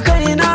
da kaina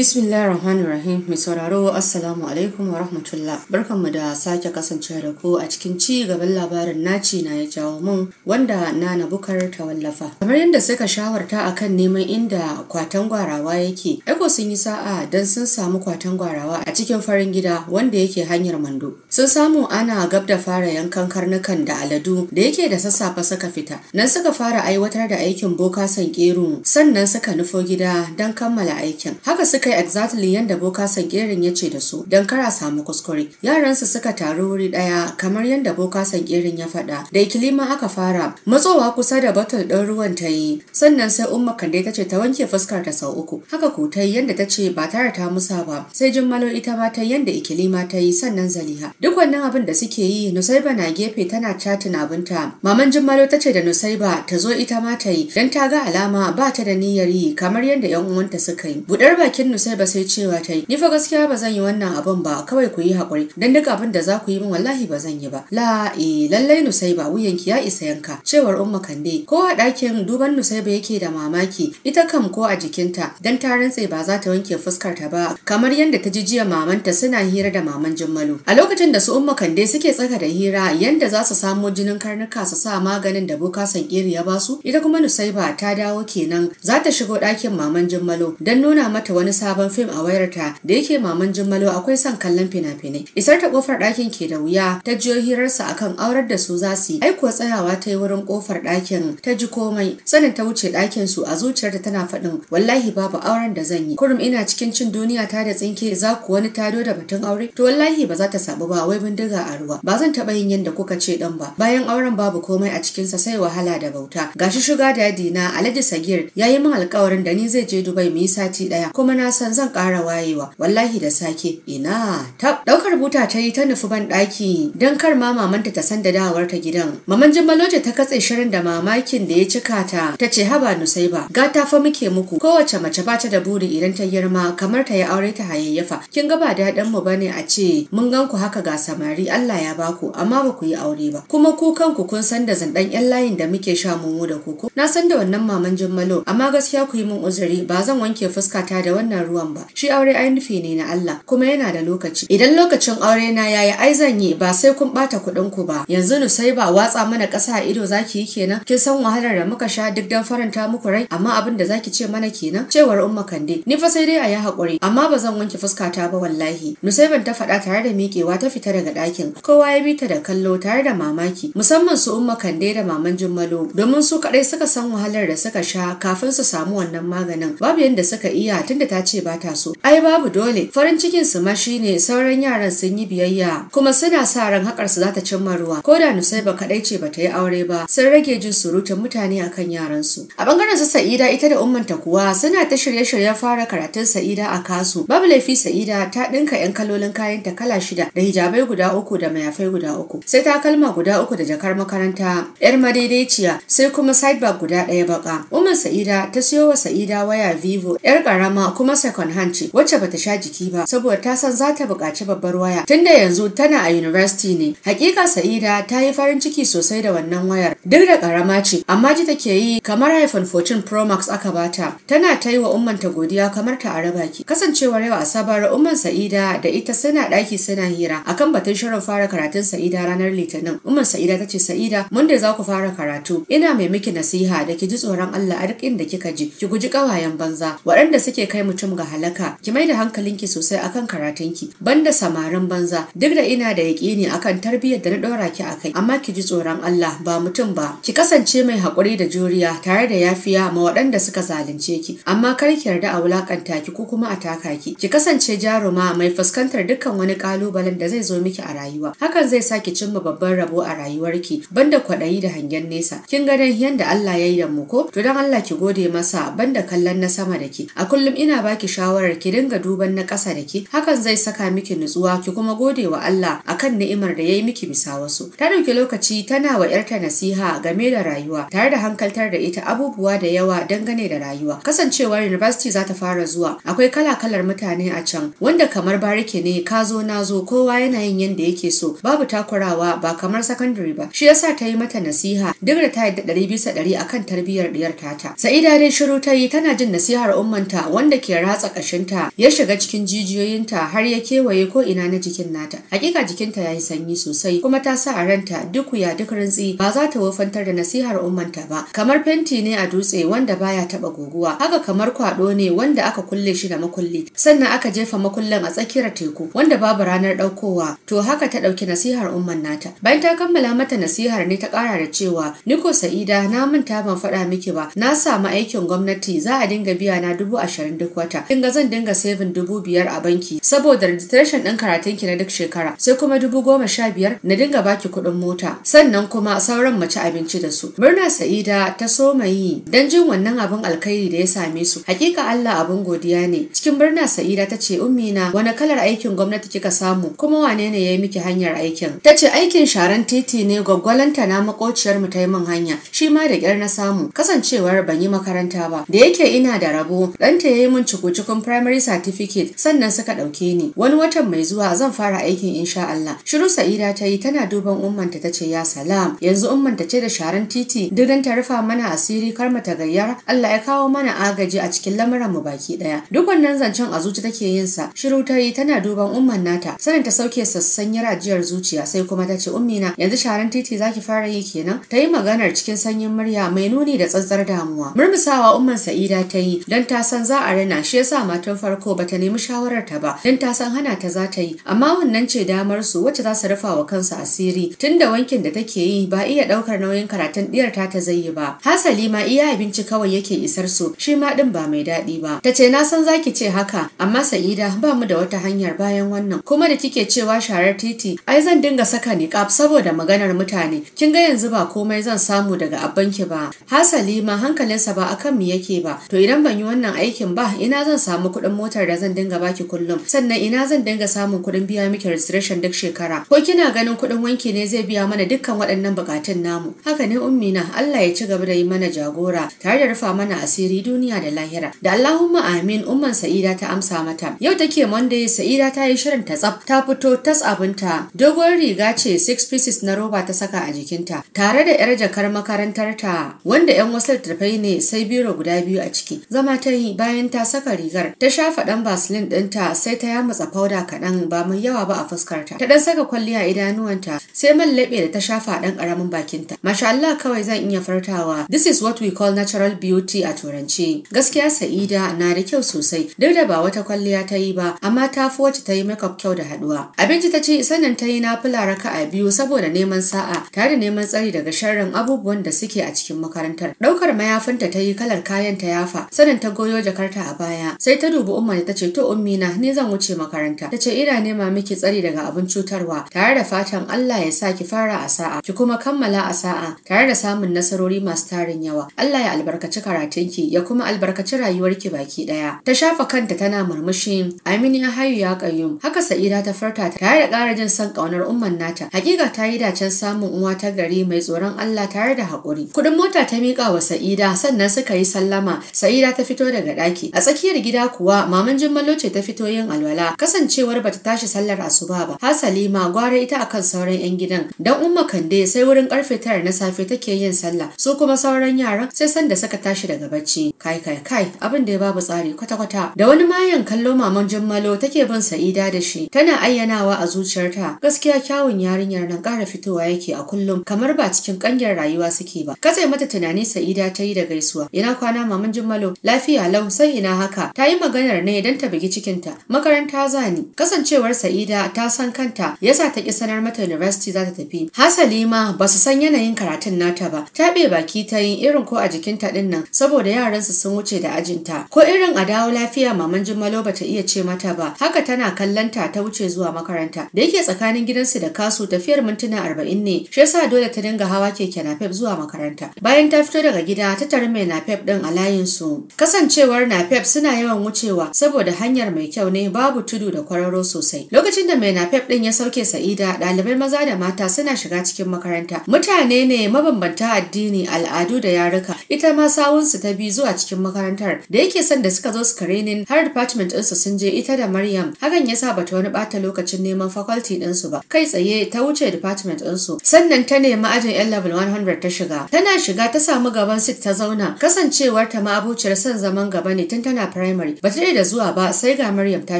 Bismillah Rahmanir Rahim mai sauraro Assalamu alaikum wa rahmatullah. Barkanmu da sake kasance da ku a cikin ci gaban labarin naci na ya jawo mun wanda na na Bukar ta wallafa. Kamar yadda suka shawarta a kan neman inda kwatan gwarawa yake, Eko sun yi sa'a don sun samu kwatan gwarawa a cikin farin gida wanda yake hanyar Mando. Sun samu ana gab da fara yankan karnukan da aladu da yake da sassafe suka fita. Nan suka fara aiwatar da aikin boka san sannan suka nufo gida don kammala aikin. Haka suka kai exactly yadda boka sankerin ya ce da su don kara samu kuskure yaransu suka taru wuri daya kamar yadda boka sankerin ya faɗa da ikilima aka fara matsowa kusa da batul ɗin ruwan ta yi sannan sai umma kande ta ce ta wanke fuskar ta sau uku haka ko ta yi yadda ta ce ba tare ta musa ba sai jummalo ita ma ta yi yadda ikilima ta yi sannan zaliha duk wannan abin da suke yi nusaiba na gefe tana catin abinta maman jummalo ta ce da nusaiba ta zo ita ma ta yi don ta ga alama ba ta da niyyar yi kamar yadda yan uwanta suka yi budar bakin sai ba sai cewa ta yi ni fa gaskiya ba zan yi wannan abun ba kawai ku yi haƙuri dan duk abin da za ku yi min wallahi ba zan yi ba la eh lallai Nusaiba wuyanki ya isa yanka cewar Umma Kande ko a ɗakin duban Nusaiba yake da mamaki ita kam ko a jikinta dan ta rantse ba za ta wanke fuskar ta ba kamar yadda ta ji jiya mamanta suna hira da maman Jummalu a lokacin da su Umma Kande suke tsaka da hira yanda za su samo jinin karnuka su sa maganin da boka kiri ya basu ita kuma Nusaiba ta dawo kenan za ta shigo ɗakin maman jummalu dan nuna mata wani sa sabon fim a wayarta da yake maman Jummalo akwai son kallon fina-finai. Isar ta kofar ɗakin ke da wuya ta jiyo hirarsa kan aurar da su za su yi. Aiko tsayawa ta yi wurin kofar ɗakin ta ji komai. Sanin ta wuce ɗakin su a zuciyarta tana faɗin wallahi babu auren da zan yi. Kurum ina cikin cin duniya ta da tsinke za ku wani tado da batun aure. To wallahi ba za ta sabu ba wai bindiga a ruwa. Ba zan taɓa yin yadda kuka ce ɗan ba. Bayan auren babu komai a cikinsa sai wahala da bauta. Gashi shuga da na Alhaji Sagir ya yi min alkawarin da ni zai je Dubai mu yi sati ɗaya kuma na san zan ƙara wayewa wallahi da sake ina tab ɗaukar buta ta yi ta nufi ban ɗaki don kar ma mamanta ta san da dawar ta gidan maman jimmaloje ta katse shirin da mamakin da ya cika ta ta ce haba ba. gata fa muke muku kowace mace ba da buri idan ta girma kamar ta yi aure ta hayayyafa kin ga ba daɗin mu bane a ce mun gan ku haka ga samari Allah ya baku amma ba ku yi aure ba kuma ku kanku kun san da zanɗan yan layin da muke sha mu da ku na san da wannan maman jimmalo amma gaskiya ku yi mun uzuri ba zan wanke fuskata da wannan ruwan ba shi aure ai nufi ne na Allah kuma yana da lokaci idan lokacin aure na yayi ai zan yi ba sai kun bata kuɗin ku ba yanzu nu sai ba watsa mana ƙasa a ido zaki yi kenan kin san wahalar da muka sha duk dan faranta muku rai amma abin da zaki ce mana kenan cewar umma kande ni fa sai dai a yi hakuri. amma ba zan wanke fuskata ba wallahi nusaiban ta faɗa tare da miƙewa ta fita daga ɗakin kowa ya bi ta da kallo tare da mamaki musamman su umma kande da maman jummalo domin su kaɗai suka san wahalar da suka sha kafin su samu wannan maganin babu yadda suka iya tunda ta ce ba ta so ai babu dole farin cikin su ma shine sauran yaran sun yi biyayya kuma suna sa ran hakar su za ta cimma ruwa ko da Nusaiba kadai ce ba ta yi aure ba sun rage jin surutun mutane akan yaran su a bangaren su Sa'ida ita da ummanta kuwa suna ta shirye-shiryen fara karatun Sa'ida a kasu babu laifi Sa'ida ta dinka yan kalolin kayan ta kala shida da hijabai guda uku da mayafai guda uku sai takalma guda uku da jakar makaranta yar madaidaiciya sai kuma sidebar guda ɗaya baka umar Sa'ida ta siyo wa Sa'ida waya Vivo yar karama kuma second hand ce wacce bata sha jiki ba saboda ta san za ta buƙaci babbar waya tunda yanzu tana a university ne hakika sa'ida ta yi farin ciki sosai da wannan wayar duk da karama ce amma ji take yi kamar iphone 14 pro max aka bata tana ta yi wa umman ta godiya kamar ta araba ki kasancewar yau asabar umman sa'ida da ita suna ɗaki suna hira akan batun shirin fara karatun sa'ida ranar litinin umman sa'ida ta ce sa'ida mun da za ku fara karatu ina mai miki nasiha da ki ji tsoron allah a duk inda kika ji ki guji ƙawayen banza waɗanda suke kai mutum mu ga halaka ki mai da hankalinki sosai akan karatunki banda samarin banza duk da ina da yaƙini akan tarbiyyar da na ɗora ki akai amma ki ji tsoron Allah ba mutum ba ki kasance mai haƙuri da juriya tare da yafiya ma waɗanda suka zalunce ki amma kar ki yarda a wulakanta ki ko kuma a taka ki ki kasance jaruma mai fuskantar dukkan wani kalubalen da zai zo miki a rayuwa hakan zai sa ki cimma babban rabo a rayuwarki banda kwaɗayi da hangen nesa kin ga dan yanda Allah ya yi da mu ko to dan Allah ki gode masa banda kallon na sama da ki a kullum ina baki baki shawarar ki dinga duban na ƙasa da ke? hakan zai saka miki nutsuwa ki kuma gode wa Allah akan ni'imar da yayi miki bisa wasu ta dauki lokaci tana wa yarta nasiha game da rayuwa tare da hankaltar da ita abubuwa da yawa dangane da rayuwa kasancewar university za ta fara zuwa akwai kala-kalar mutane a can wanda kamar bariki ne ka zo na zo kowa yana yin yanda yake so babu takurawa ba kamar secondary ba shi yasa ta yi mata nasiha duk da ta yadda ɗari bisa ɗari akan tarbiyyar diyar tata sa'ida dai shiru ta yi tana jin nasihar ummanta wanda ke ra ratsa ta ya shiga cikin jijiyoyinta har ya kewaye ko ina na jikin nata hakika jikinta ya yi sanyi sosai kuma ta sa a ranta duk ya duk rintsi ba za ta wofantar da nasihar ta ba kamar fenti ne a dutse wanda baya taba guguwa haka kamar kwado ne wanda aka kulle shi da makulli sannan aka jefa makullin a tsakiyar teku wanda babu ranar daukowa to haka ta dauki nasihar umman nata bayan ta kammala mata nasihar ne ta kara da cewa niko sa'ida na manta ban faɗa miki ba na samu aikin gwamnati za a dinga biya na dubu ashirin duk wata mata kinga zan dinga saving dubu biyar a banki saboda registration din karatun ki na duk shekara sai kuma dubu goma sha biyar na dinga baki kuɗin mota sannan kuma sauran mace abinci da su murna sa'ida ta soma yi dan jin wannan abin alkhairi da ya same su hakika Allah abin godiya ne cikin murna sa'ida ta ce ummi na wani kalar aikin gwamnati kika samu kuma wane ne ya yi miki hanyar aikin ta ce aikin sharan titi ne gwaggwalanta na makociyar mu ta yi min hanya shi ma da kyar na samu kasancewar ban yi makaranta ba da yake ina da rabo ɗanta ya yi min cikuni kun primary certificate sannan suka ɗauke ni. Wani watan mai zuwa zan fara aikin insha Allah. Shiru Sa'ida ta yi tana duban ummanta ta ce ya salam. Yanzu ummanta ce da sharan titi duk dan ta rufa mana asiri kar mu ta gayyar Allah ya kawo mana agaji a cikin lamuran mu baki daya. Duk wannan zancen a zuci take yin sa. Shiru ta yi tana duban umman nata. sannan ta sauke sassan yarajiyar zuciya sai kuma ta ce ummina yanzu sharan titi zaki fara yi kenan. Ta yi maganar cikin sanyin murya mai nuni da tsantsar damuwa. Murmusawa umman Sa'ida ta yi dan ta san za a rana shi sa matan farko bata nemi shawarar ta ba don ta san hana ta za ta yi amma wannan ce damar su wacce za su rufa wa kansu asiri tunda wankin da take yi ba iya daukar nauyin karatun diyar ta ta zai yi ba hasali ma iya abinci kawai yake isar su shi ma din ba mai daɗi ba ta ce na san zaki ce haka amma sa'ida ba mu da wata hanyar bayan wannan kuma da kike cewa sharar titi ai zan dinga saka niqab saboda maganar mutane kin ga yanzu ba komai zan samu daga abbanki ba hasali ma hankalinsa ba akan me yake ba to idan ban yi wannan aikin ba ina zan samu kuɗin motar da zan dinga baki kullum sannan ina zan dinga samun kuɗin biya miki registration duk shekara ko kina ganin kuɗin wanki ne zai biya mana dukkan waɗannan bukatun namu haka ne ummina Allah ya ci gaba da yi mana jagora tare da rufa mana asiri duniya da lahira da Allahumma amin umman Sa'ida ta amsa mata yau take Monday Sa'ida ta yi shirin ta tsaf ta fito tas abinta dogon riga ce six pieces na roba ta saka a jikinta tare da yar jakar makarantar ta wanda yan wasu littattafai ne sai biro guda biyu a ciki zama ta yi bayan ta saka saka rigar ta shafa dan basilin ɗinta sai ta yamutsa fauda kaɗan ba mai yawa ba a fuskarta ta dan saka kwalliya idanuwanta sai man laɓe da ta shafa dan ƙaramin bakinta masha Allah kawai zan iya fartawa this is what we call natural beauty a Turanci. gaskiya Sa'ida na da kyau sosai duk da ba wata kwalliya ta yi ba amma ta fi wacce ta yi makeup kyau da haɗuwa abinci ta ce sannan ta yi na raka a biyu saboda neman sa'a tare da neman tsari daga sharrin abubuwan da suke a cikin makarantar ɗaukar mayafinta ta yi kalar kayan ta yafa sannan ta goyo jakarta a baya daya Sai ta dubi Umma ta ce to na ne zan wuce makaranta. Ta ce ina nema miki tsari daga abin cutarwa tare da fatan Allah ya sa ki fara a sa'a ki kuma kammala a sa'a tare da samun nasarori masu tarin yawa. Allah ya albarkaci karatunki ya kuma albarkaci rayuwarki baki ɗaya. Ta shafa kanta tana murmushi Aminu ya hayu ya kayyum. Haka Sa'ida ta farta tare da ƙara jin san ƙaunar umman nata. Hakika ta yi dacen samun uwa ta gari mai tsoron Allah tare da hakuri Kuɗin mota ta miƙa wa Sa'ida sannan suka yi sallama. Sa'ida ta fito daga ɗaki. A tsakiyar da gida kuwa maman Jummalo ce ta fito yin alwala kasancewar ba ta tashi sallar asuba ba. Hasali ma gwara ita akan sauran 'yan gidan dan Umma Kande sai wurin karfe tara na safe take yin sallah su kuma sauran yaran sai sanda suka tashi daga bacci. Kai kai kai abin da ya babu tsari kwata-kwata. Da wani mayan kallo maman Jummalo take bin Sa'ida da shi tana ayyanawa a zuciyarta gaskiya kyawun yarinyar nan kara fitowa yake a kullum kamar ba cikin ƙangiyar rayuwa suke ba. Katse mata tunani Sa'ida ta yi da gaisuwa ina kwana maman Jummalo lafiya lau sai ina haka haka ta yi maganar ne don ta bugi cikinta makaranta zani kasancewar Sa'ida ta san kanta yasa ta ki sanar mata university za ta tafi hasali ma ba su san yanayin karatun nata ba ta be baki ta yi irin ko a jikinta din nan saboda yaran su sun wuce da ajinta ko irin a dawo lafiya maman Jummalo ba ta iya ce mata ba haka tana kallanta ta wuce zuwa makaranta da yake tsakanin gidansu da kasu tafiyar mintuna arba'in ne shi yasa dole ta dinga hawa keke napep zuwa makaranta bayan ta fito daga gida ta tare mai napep din a layin su kasancewar napep suna Yana yawan wucewa saboda hanyar mai kyau ne babu tudu da kwararo sosai lokacin da mai nafef din ya sauke sa'ida ɗalibai maza da mata suna shiga cikin makaranta mutane ne mabambanta addini al'adu da yaruka ita ma sawunsu ta bi zuwa cikin makarantar da yake son da suka zo su screening har department ɗinsu sun je ita da maryam hakan ya sa bata wani ɓata lokacin neman faculty ɗinsu ba kai tsaye ta wuce department ɗinsu sannan ta nemi ajin yan level 100 ta shiga tana shiga ta samu gaban sit ta zauna kasancewar ta ma abuciyar son zaman gaba ne tun tana primary ba ta da zuwa ba sai ga Maryam ta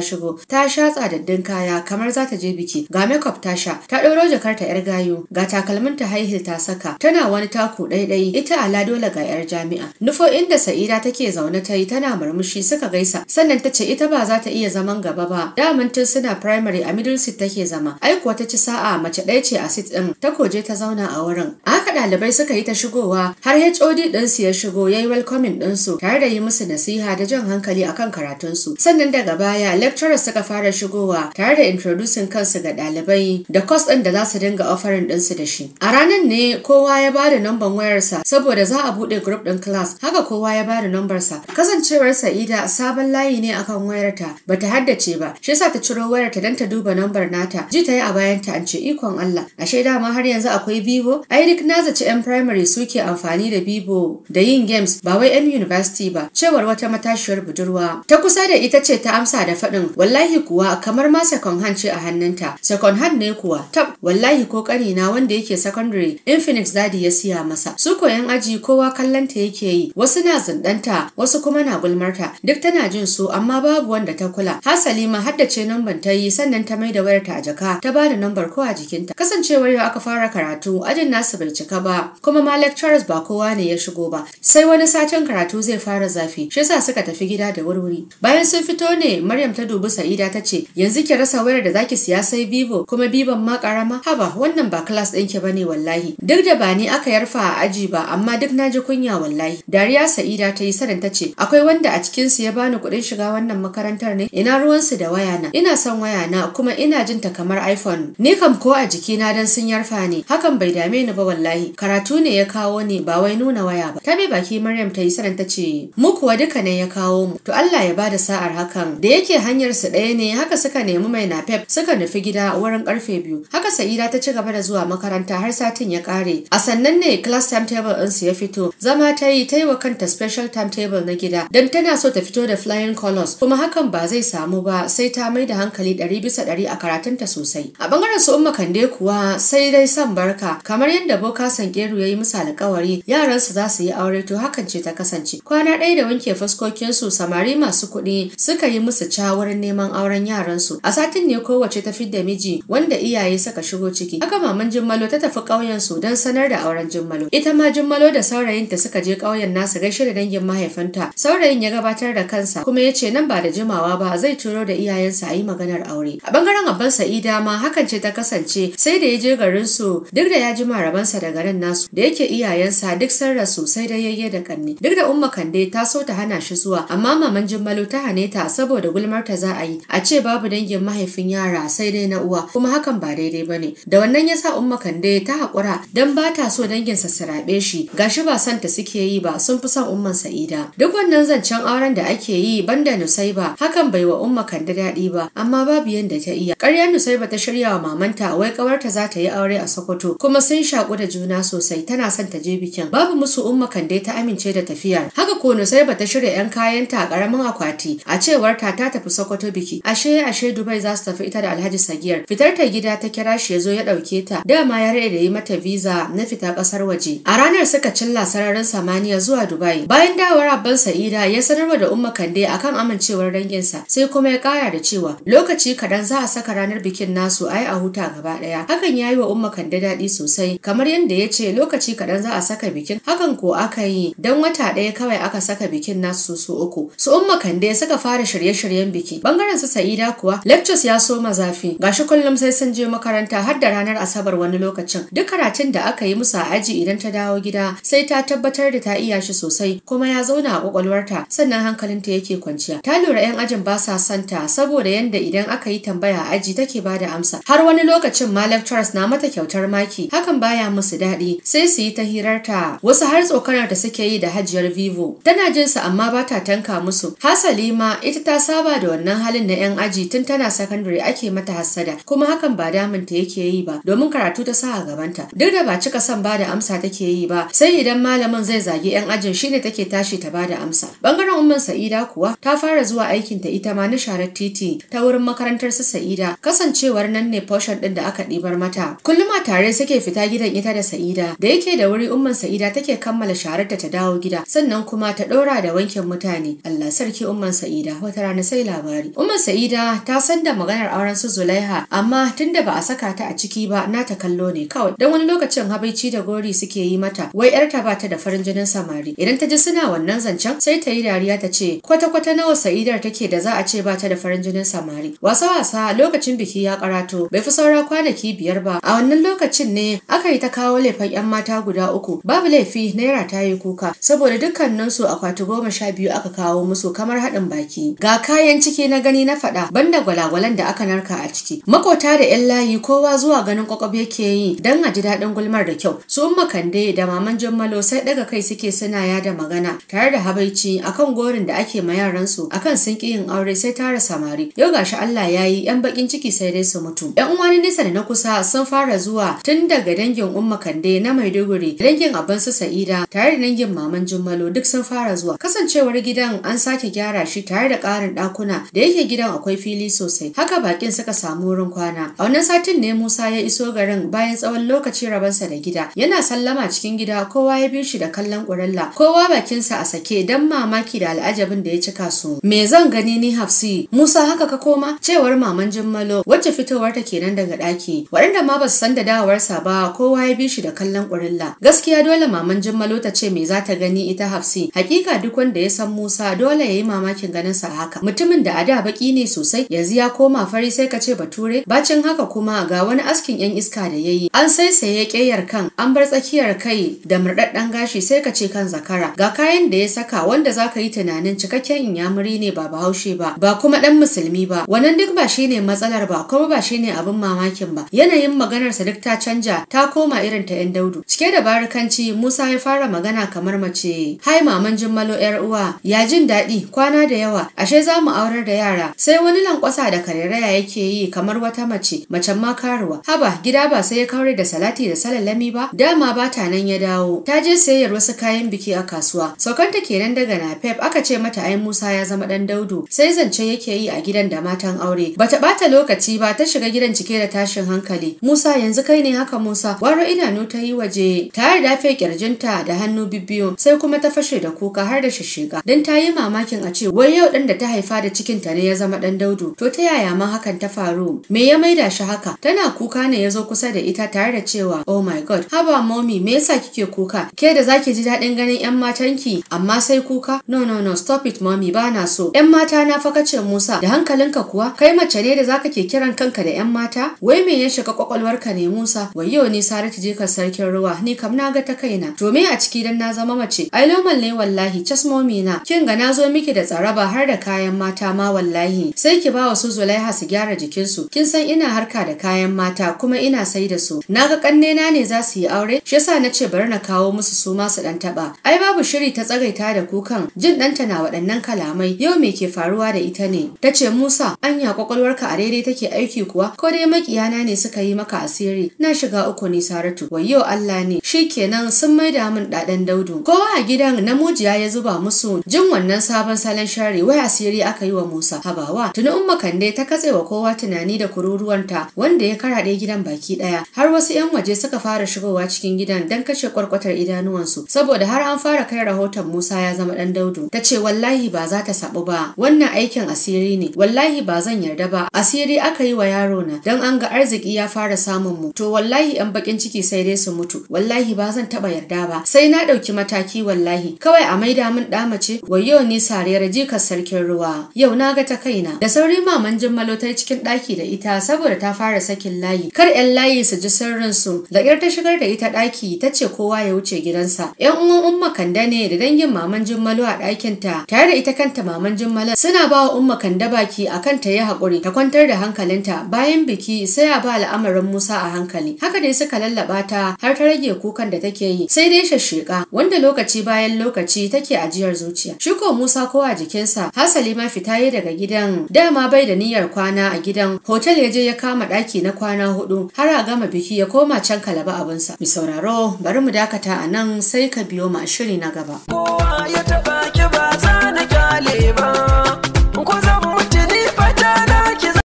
shigo ta sha tsadaddin kaya kamar za ta je biki ga makeup ta sha ta ɗauro jakarta yar gayu. ga takalminta high heel ta saka tana wani taku ɗaiɗai ita ala dole ga yar jami'a nufo inda Sa'ida take zaune ta yi tana murmushi suka gaisa sannan ta ce ita ba za ta iya zaman gaba ba daman tun suna primary a middle seat take zama ai kuwa ta ci sa'a mace ɗaya ce a seat ɗin ta koje ta zauna a wurin haka ɗalibai suka yi ta shigowa har HOD ɗinsu ya shigo ya yi welcoming ɗinsu tare da yi musu nasiha da jan hankali hankali akan su sannan daga baya lecturers suka fara shigowa tare da introducing kansu ga ɗalibai da course ɗin da za su dinga offering ɗinsu da shi a ranar ne kowa ya ba bada wayar wayarsa saboda za a buɗe group ɗin class haka kowa ya ba bada nambarsa kasancewar sa'ida sabon layi ne akan wayarta bata haddace ba shi yasa ta ciro wayar ta don ta duba number nata ji ta yi a bayanta an ce ikon Allah ashe dama har yanzu akwai Vivo ai duk na zaci yan primary suke amfani da Vivo da yin games ba wai yan university ba cewar wata matashiyar budurwa budurwa ta kusa da ita ce ta amsa da faɗin wallahi kuwa kamar ma second hand ce a hannunta second hand ne kuwa ta wallahi ko na wanda yake secondary infinix zadi ya siya masa su koyan aji kowa kallanta yake yi wasu na zindanta wasu kuma na gulmarta duk tana jin su amma babu wanda ta kula hasali ma haddace number ta yi sannan ta maida wayar ta a jaka ta ba da nambar ko a jikinta kasancewar yau aka fara karatu ajin nasu bai cika ba kuma ma lecturers ba kowa ne ya shigo ba sai wani satin karatu zai fara zafi shi yasa suka tafi gida da wurwuri bayan sun fito ne maryam ta dubi sa'ida ta ce yanzu ki rasa wayar da zaki siya sai bibo kuma biban ma karama dama haba wannan ba class ke bane wallahi duk da bani aka yarfa a aji ba amma duk naji kunya wallahi dariya sa'ida ta yi sanin ta ce akwai wanda a cikin su ya bani kuɗin shiga wannan makarantar ne ina ruwan su da waya na ina son waya na kuma ina jin ta kamar iPhone ni kam ko a jiki na dan sun yarfa ne hakan bai dame ni ba wallahi karatu ne ya kawo ni ba wai nuna waya ba ta bi baki Maryam ta yi sanin ta ce mu kuwa duka ne ya kawo mu to Allah ya bada sa'ar hakan da yake hanyar su ɗaya ne haka suka nemi mai napep suka nufi gida wurin karfe biyu haka Sa'ida ta ci gaba da zuwa makaranta har satin ya kare. A sannan ne class timetable in su ya fito. Zama ta yi ta yi wa kanta special timetable na gida Dan tana so ta fito da flying colors kuma hakan ba zai samu ba sai ta mai da hankali ɗari bisa ɗari a karatunta sosai. A bangaren su Umma Kande kuwa sai dai san barka kamar yadda Boka Sankeru ya yi musu alƙawari yaransu za su yi aure to hakan ce ta kasance. Kwana ɗaya da wanke fuskokinsu samari masu kuɗi suka yi musu cawar neman auren yaransu. A satin ne kowace ta fidda miji wanda iyaye suka shigo ciki haka maman Jummalo ta tafi ƙauyen su don sanar da auren Jummalo ita ma Jummalo da saurayinta suka je ƙauyen nasu gaishe da dangin mahaifinta saurayin ya gabatar da kansa kuma ya ce nan ba da jimawa ba zai turo da iyayensa a yi maganar aure a bangaren abban Sa'ida ma hakan ce ta kasance sai da ya je garin su duk da ya ji rabonsa da garin nasu da yake iyayensa duk sun rasu sai da yayye da kanne duk da umma kande ta so ta hana shi zuwa amma maman Jummalo ta hane ta saboda gulmar ta za a yi a ce babu dangin mahaifin yara sai dai na uwa kuma hakan ba daidai ba ne da wannan yasa umma kande ta hakura dan ba ta so danginsa su raɓe shi gashi ba santa suke yi ba sun fi son umman sa'ida duk wannan zancen auren da ake yi banda nusaiba hakan bai wa umma kande daɗi ba amma babu yanda ta iya Ƙarya nusaiba ta shirya wa mamanta wai ƙawarta za ta yi aure a sokoto kuma sun shaƙu da juna sosai tana son ta je bikin babu musu umma kande ta amince da tafiyar haka ko nusaiba ta shirya 'yan kayan ta karamin akwati a cewar ta ta tafi sokoto biki ashe ashe dubai za su tafi ita da alhaji sagiyar fitar ta gida ta kira shi shi ya zo ya ɗauke ta dama ya rage da yi mata visa na fita ƙasar waje a ranar suka cilla sararin samaniya zuwa dubai bayan dawar abban sa'ida ya sanarwa da umma kande akan amincewar danginsa sai kuma ya ƙara da cewa lokaci kaɗan za a saka ranar bikin nasu ai a huta gaba ɗaya hakan ya yi wa umma kande daɗi sosai kamar yadda ya ce lokaci kaɗan za a saka bikin hakan ko aka yi don wata ɗaya kawai aka saka bikin nasu su uku su umma kande suka fara shirye-shiryen biki bangaren su sa'ida kuwa lectures ya soma zafi gashi kullum sai sun je makaranta makaranta har da ranar asabar wani lokacin duk karatun da aka yi musu a aji idan ta dawo gida sai ta tabbatar da ta iya shi sosai kuma ya zauna a kwakwalwarta sannan hankalinta yake kwanciya ta lura yan ajin ba sa santa saboda yanda idan aka yi tambaya a aji take ba da amsa har wani lokacin ma lecturers na mata kyautar maki hakan baya musu daɗi sai su yi ta hirarta wasu har tsokanar da suke yi da hajiyar vivo tana jin su amma ba ta tanka musu hasali ma ita ta saba da wannan halin na yan aji tun tana sakandare ake mata hassada kuma hakan ba damun ta yake yi ba domin karatu ta sa a gabanta duk da ba cika son bada amsa take yi ba sai idan malamin zai zagi yan ajin shine take tashi ta bada amsa bangaren umman sa'ida kuwa ta fara zuwa aikin ta ita ma na sharar titi ta wurin makarantar su sa'ida kasancewar nan ne portion din da aka ɗibar mata kullum a tare suke fita gidan ita da sa'ida da yake da wuri umman sa'ida take kammala shararta ta dawo gida sannan kuma ta ɗora da wankin mutane Allah sarki umman sa'ida wata rana sai labari umman sa'ida ta san da maganar auren su Zulaiha amma tunda ba a saka ta a ciki ba na ta kallo ne kawai dan wani lokacin habaici da gori suke yi mata wai yarta ba ta da farin jinin samari idan ta ji suna wannan zancen sai ta yi dariya ta ce kwata-kwata nawa sa'idar take da za a ce ba ta da farin jinin samari wasa-wasa lokacin biki ya karato bai fi saura kwanaki biyar ba a wannan lokacin ne aka yi ta kawo laifin yan mata guda uku babu laifi naira ta yi kuka saboda dukkaninsu akwati goma sha biyu aka kawo musu kamar haɗin baki ga kayan ciki na gani na faɗa banda gwalagwalan da aka narka a ciki makota da yan layi ko kowa zuwa ganin kwakwab yake yi don a ji daɗin gulmar da kyau su umma kande da maman jummalo sai daga kai suke suna yada magana tare da habaici akan gorin da ake ma yaransu akan sun ki yin aure sai tara samari yau gashi Allah ya yi yan baƙin ciki sai dai su mutu yan uwa nisa da na kusa sun fara zuwa tun daga dangin umma kande na maiduguri dangin abin su sa'ida tare da dangin maman jummalo duk sun fara zuwa kasancewar gidan an sake gyara shi tare da ƙarin ɗakuna da yake gidan akwai fili sosai haka bakin suka samu wurin kwana a wannan satin ne ne Musa ya iso garin bayan tsawon lokaci rabansa da gida. Yana sallama cikin gida kowa ya bi shi da kallon ƙurilla. Kowa bakinsa a sake don mamaki da al'ajabin da ya cika su. Me zan gani ni Hafsi? Musa haka ka koma? Cewar maman Jummalo wacce fitowar ta nan daga ɗaki. Waɗanda ma ba su san da sa ba kowa ya bi shi da kallon ƙurilla. Gaskiya dole maman Jummalo ta ce me za ta gani ita Hafsi. Hakika duk wanda ya san Musa dole ya yi mamakin ganinsa haka. Mutumin da a da baki ne sosai yanzu ya koma fari sai ka ce bature. Bacin haka kuma ga wani askin yan iska da yayi an saisaye ƙeyar kan an bar tsakiyar kai da murɗaɗɗen gashi sai ka ce kan zakara ga kayan da ya saka wanda za ka yi tunanin cikakken inyamuri ne ba bahaushe ba ba kuma ɗan musulmi ba wannan duk ba shine matsalar ba kuma ba shine abin mamakin ba yanayin maganarsa duk ta canja ta koma irin ta 'yan daudu cike da barikanci musa ya fara magana kamar mace hai maman jummalo yar uwa ya jin daɗi kwana da yawa ashe za mu aurar da yara sai wani lankwasa da raya yake yi kamar wata mace macen ma karuwa haba gida ba sai ya kaure da salati da salalami ba dama ba ta nan ya dawo ta je sayayyar wasu kayan biki a kasuwa saukanta kenan daga napep aka ce mata ai musa ya zama dan daudu sai zance yake yi a gidan da matan aure bata bata lokaci ba ta shiga gidan cike da tashin hankali musa yanzu kai ne haka musa waro idanu ta yi waje ta yi dafe kirjinta da hannu bibbiyo sai kuma ta fashe da kuka har da shishiga dan ta yi mamakin a ce wai yau dan da ta haifa da cikinta ne ya zama dan daudu to ta yaya ma hakan ta faru me ya maida shi haka tana yana kuka ne ya zo kusa da ita tare da cewa oh my god haba mommy me yasa kike kuka ke da zaki ji daɗin ganin yan matanki amma sai kuka no no no stop it mommy ba na so yan mata na fa kace Musa da hankalinka kuwa kai mace ne da zaka ke kiran kanka da yan mata wai me ya shiga ka ne Musa yau ni Saratu je ka sarkin ruwa ni kam na ga ta kaina to me a ciki dan na zama mace ai lomal ne wallahi cas mommy na kin ga na zo miki da tsaraba har da kayan mata ma wallahi sai ki ba wa su Zulaiha su gyara jikinsu kin san ina harka da kayan mata kuma ina sai da su na ga kannena ne za su yi aure shi yasa na ce bari na kawo musu su ma su dan taba ai babu shiri ta tsagaita da kukan jin ɗanta na waɗannan kalamai yau me ke faruwa da ita ne ta ce musa anya kwakwalwarka a daidai take aiki kuwa ko dai makiyana ne suka yi maka asiri na shiga uku ne saratu wayyo allah ne shi kenan sun maida mun ɗaɗan daudu kowa a gidan namujiya ya zuba musu jin wannan sabon salon share wai asiri aka yi wa musa habawa tuni umma kande ta katse wa kowa tunani da kururuwanta wanda ya. ya ɗaya gidan baki ɗaya har wasu 'yan waje suka fara shigowa cikin gidan don kashe kwarkwatar idanuwansu saboda har an fara kai rahoton Musa ya zama ɗan daudu ta ce wallahi ba za ta saɓu ba wannan aikin asiri ne wallahi ba zan yarda ba asiri aka yi wa yaro na don an ga arziki ya fara samun mu to wallahi 'yan bakin ciki sai dai su mutu wallahi ba zan taɓa yarda ba sai na ɗauki mataki wallahi kawai a maida min ɗa mace wayo ni sariyar jikar sarkin ruwa yau na ga ta kaina da sauri maman jimmalo ta cikin ɗaki da ita saboda ta fara saki ɗakin layi kar 'yan layi su ji sirrin su da ƙyar ta shigar da ita ɗaki ta ce kowa ya wuce gidansa 'yan uwan umma kanda ne da dangin maman jimmalu a ɗakin ta tare da ita kanta maman jimmalan suna bawa wa umma kanda baki kan ta yi haƙuri ta kwantar da hankalinta bayan biki sai a ba al'amarin musa a hankali haka dai suka lallaba ta har ta rage kukan da take yi sai dai shashiƙa wanda lokaci bayan lokaci take ajiyar zuciya shiko musa ko a jikinsa hasali ma fita yi daga gidan dama bai da niyyar kwana a gidan hotel ya je ya kama ɗaki na na kwana hudu har a gama biki ya koma can kalaba abinsa. Mi sauraro bari mu dakata a nan sai ka biyo ma shiri na gaba. Kowa ya taba ki ba za na kyale ba.